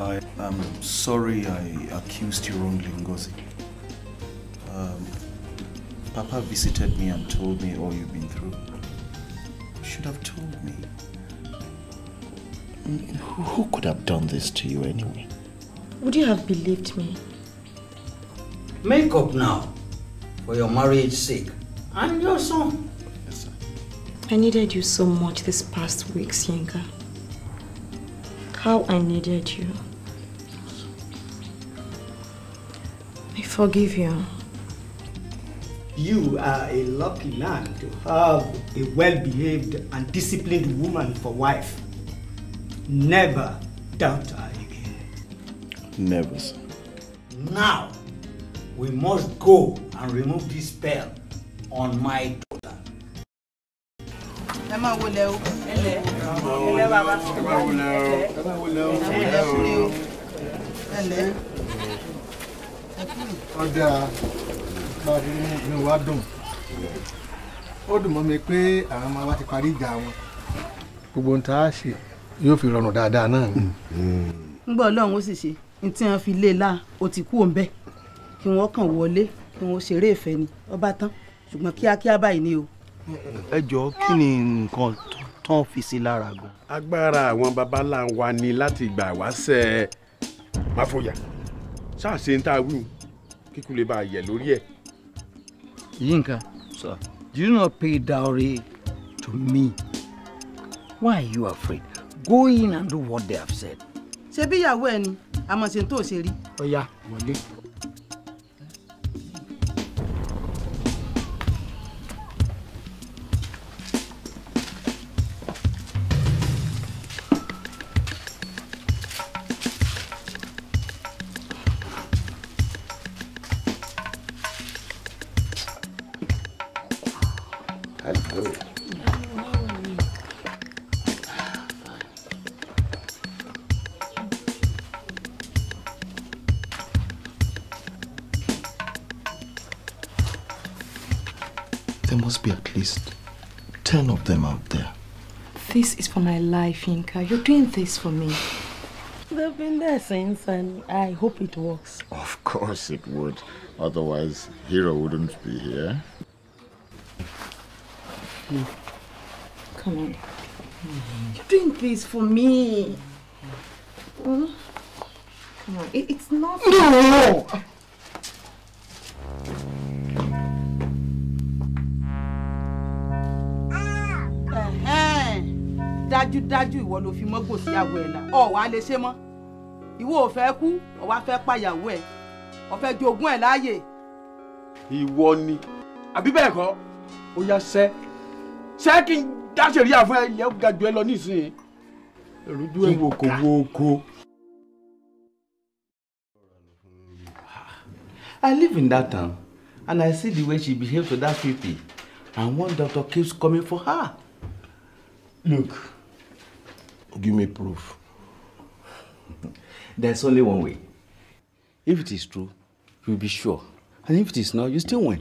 I am sorry I accused you wrongly, Ngozi. Um, Papa visited me and told me all you've been through. You should have told me. Who could have done this to you anyway? Would you have believed me? Make up now for your marriage sake and your son. Yes, sir. I needed you so much this past week, Yinka. How I needed you. I forgive you. You are a lucky man to have a well-behaved and disciplined woman for wife. Never doubt her again. Never, sir. Now, we must go and remove this spell on my daughter. ẹ máa wọlé o ẹ lẹ ẹ lẹ bàbá ẹ máa wọlé o ẹ máa wọlé o ẹ lẹ kúrẹ́ o ẹ lẹ ẹ kúrẹ́. ọjà parí inú wa dùn ó dùn mọ́ mi pé àwọn ọmọ wa ti parí ìjà wọn gbogbo ohun tá a ṣe yóò fi rọrùn dáadáa náà ni. ń gbọ́ ọlọ́run ó sì ṣe ní tí wọ́n fi lé e láà ó ti kú òun bẹ́ẹ̀ kí wọ́n kàn wọlé kí wọn ṣeré ìfẹ́ ni ọba tán ṣùgbọ́n kíákíá báyìí ni o. ẹ jọ kí ni nǹkan tán fi sí lára gan. agbára àwọn babalá wa ni láti gbà wá sẹ má fòyà ṣáàṣe ń tá a wíwù kíkú lè bá a yẹ lórí ẹ. Yinka, sir, do you not pay dowry to me? Why are you afraid? Go in and do what they have said. ṣebí ìyàwó ẹ ni àmọ̀ ṣe ń tó ṣe rí. ọ̀ya wọlé. That's good. There must be at least 10 of them out there. This is for my life, Inka. You're doing this for me. They've been there since, and I hope it works. Of course it would. Otherwise, Hero wouldn't be here. No. Come on. Drink this for me. Come on. it's not. No! dájúdájú ìwọ ló fi mọ́gbò sí àwọ̀ ẹ̀ là ọ̀ wá lè ṣe mọ́ ìwọ ò fẹ́ kú ọ̀ wá fẹ́ pàyàwó ẹ̀ ọ̀ fẹ́ jogún ẹ̀ láàyè. ìwọ ni àbí bẹ́ẹ̀ kọ́ ó yá sẹ́ ṣé kí n dáṣẹ̀rí àfún ẹ ilẹ̀ ẹ lọ nísìnyí. rújú ẹ wo kò wo ko. I live in that town and I see the way she behave to that pipi and one doctor keeps coming for her. Look, give me proof. There's only one way. If it is true, you'll be sure. And if it is not, you still win.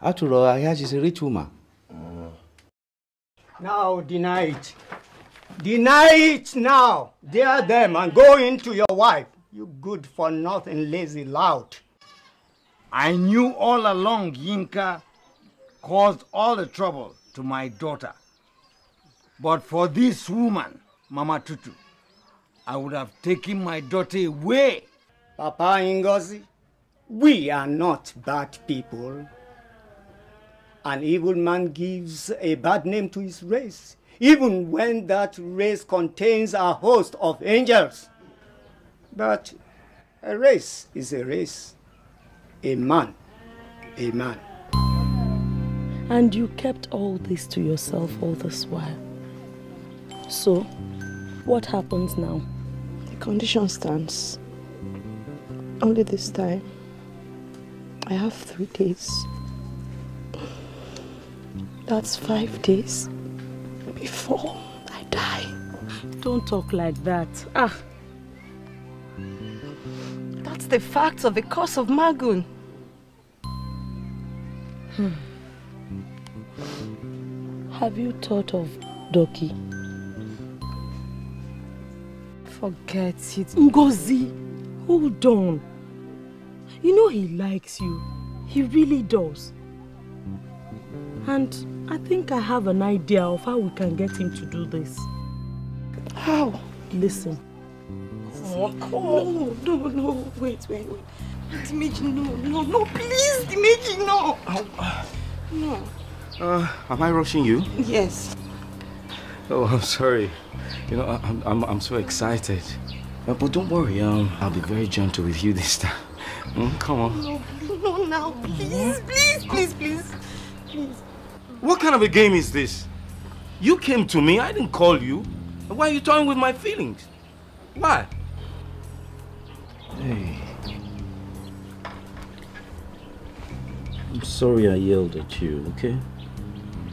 After all, I hear she's a rich woman. Now deny it. Deny it now. Dare them and go into your wife. You good for nothing, lazy lout. I knew all along Yinka caused all the trouble to my daughter. But for this woman, Mama Tutu, I would have taken my daughter away. Papa Ingozi, we are not bad people. An evil man gives a bad name to his race, even when that race contains a host of angels. But a race is a race, a man, a man. And you kept all this to yourself all this while. So, what happens now? The condition stands. Only this time, I have three days that's five days before I die. Don't talk like that. Ah. That's the fact of the curse of Magun. Hmm. Have you thought of Doki? Forget it. Ngozi, hold on. You know he likes you. He really does. And I think I have an idea of how we can get him to do this. How? Listen. Oh, oh no, no, wait, wait, wait. Dimeji, no, no, no, please, Dimeji, no. Oh. No. Uh, am I rushing you? Yes. Oh, I'm sorry. You know, I'm, I'm, I'm so excited. Uh, but don't worry, um, I'll be very gentle with you this time. Mm, come on. No, no, now, please, please, please, please, please. What kind of a game is this? You came to me, I didn't call you. Why are you toying with my feelings? Why? Hey. I'm sorry I yelled at you, okay?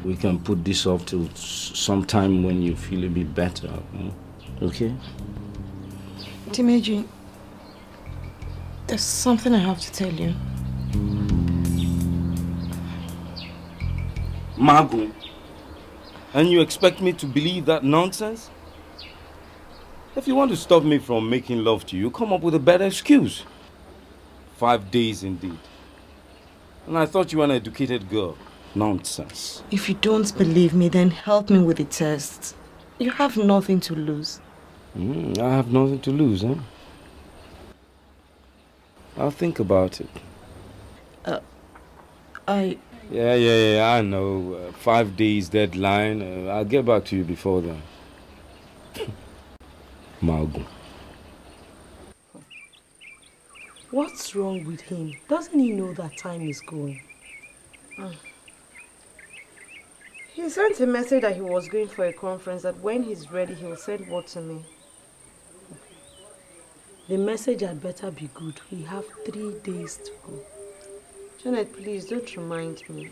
We can put this off till sometime when you feel a bit better, hmm? okay? Timeji, there's something I have to tell you. Mago. And you expect me to believe that nonsense? If you want to stop me from making love to you, come up with a better excuse. Five days indeed. And I thought you were an educated girl. Nonsense. If you don't believe me, then help me with the test. You have nothing to lose. Mm, I have nothing to lose, eh? I'll think about it. Uh, I yeah, yeah, yeah, I know. Uh, five days deadline. Uh, I'll get back to you before then. Mago. What's wrong with him? Doesn't he know that time is going? Hmm. He sent a message that he was going for a conference, that when he's ready, he'll send word to me. The message had better be good. We have three days to go. Janet, please don't remind me.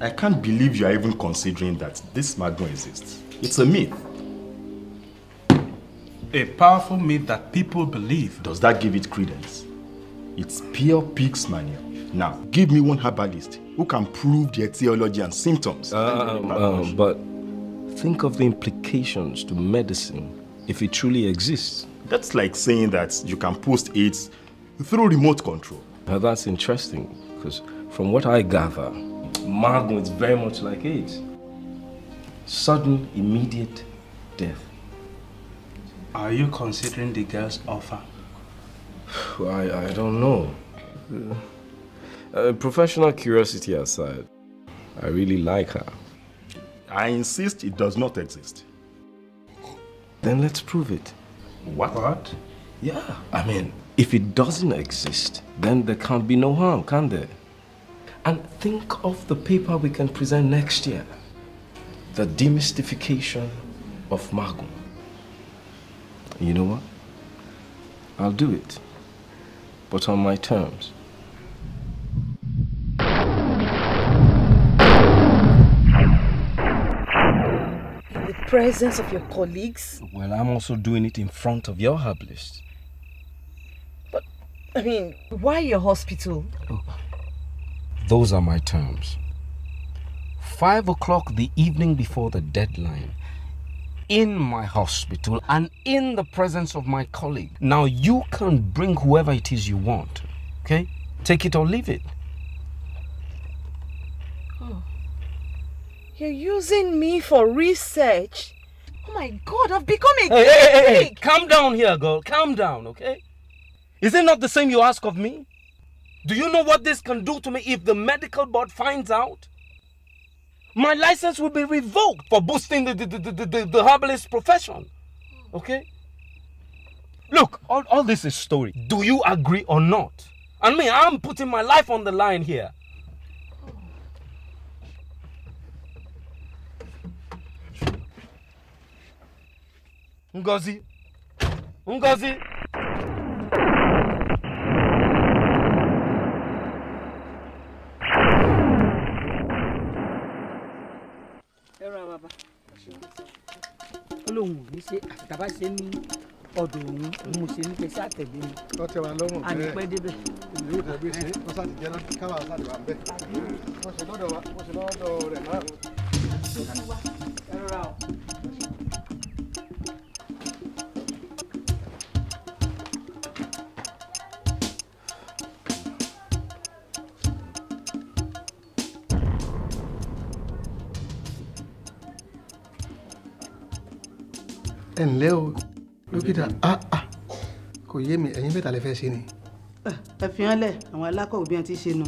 I can't believe you are even considering that this madman exists. It's a myth. A powerful myth that people believe. Does that give it credence? It's pure pig's mania. Now, give me one herbalist who can prove their etiology and symptoms. um, um, but think of the implications to medicine if it truly exists. That's like saying that you can post AIDS through remote control. Now that's interesting, because from what I gather, Margon is very much like AIDS. Sudden, immediate death. Are you considering the girl's offer? I, I don't know. Uh, uh, professional curiosity aside, I really like her. I insist it does not exist. Then let's prove it. What? What? Yeah, I mean, if it doesn't exist, then there can't be no harm, can there? And think of the paper we can present next year. The demystification of Magum. You know what? I'll do it, but on my terms. presence of your colleagues? Well, I'm also doing it in front of your herb But, I mean, why your hospital? Oh, those are my terms. Five o'clock the evening before the deadline, in my hospital and in the presence of my colleague. Now, you can bring whoever it is you want, okay? Take it or leave it. You're using me for research. Oh my God, I've become a hey, hey, hey, hey, Calm down here, girl. Calm down, okay? Is it not the same you ask of me? Do you know what this can do to me if the medical board finds out? My license will be revoked for boosting the, the, the, the, the herbalist profession. Okay? Look, all, all this is story. Do you agree or not? And me, I'm putting my life on the line here. Ngozi! Ngozi! ẹran bàbá ó lóun ò ní ṣe àtàbà ṣe ní ọ̀dọ̀ òun òun ṣe ní tẹsí àtẹgbẹ mi. wọ́n tẹ wa lọ́rùn bẹ́ẹ̀ ànípẹ́ débẹ̀. ìlú yóò tẹ̀lé ṣe wọ́n sá ti jẹ́ náà káwa sá ti wà bẹ́ẹ̀. wọ́n ṣe lọ́dọ̀ wa wọ́n ṣe lọ́dọ̀ rẹ̀ náà. ẹ rọra o. ẹ ǹlẹ́ o dókítà ah ah kò yé mi ẹ̀yin mẹ́ta lè fẹ́ ṣe ni. ẹ fi hàn lẹ àwọn alákọ̀wé bí wọn ti ṣe nu.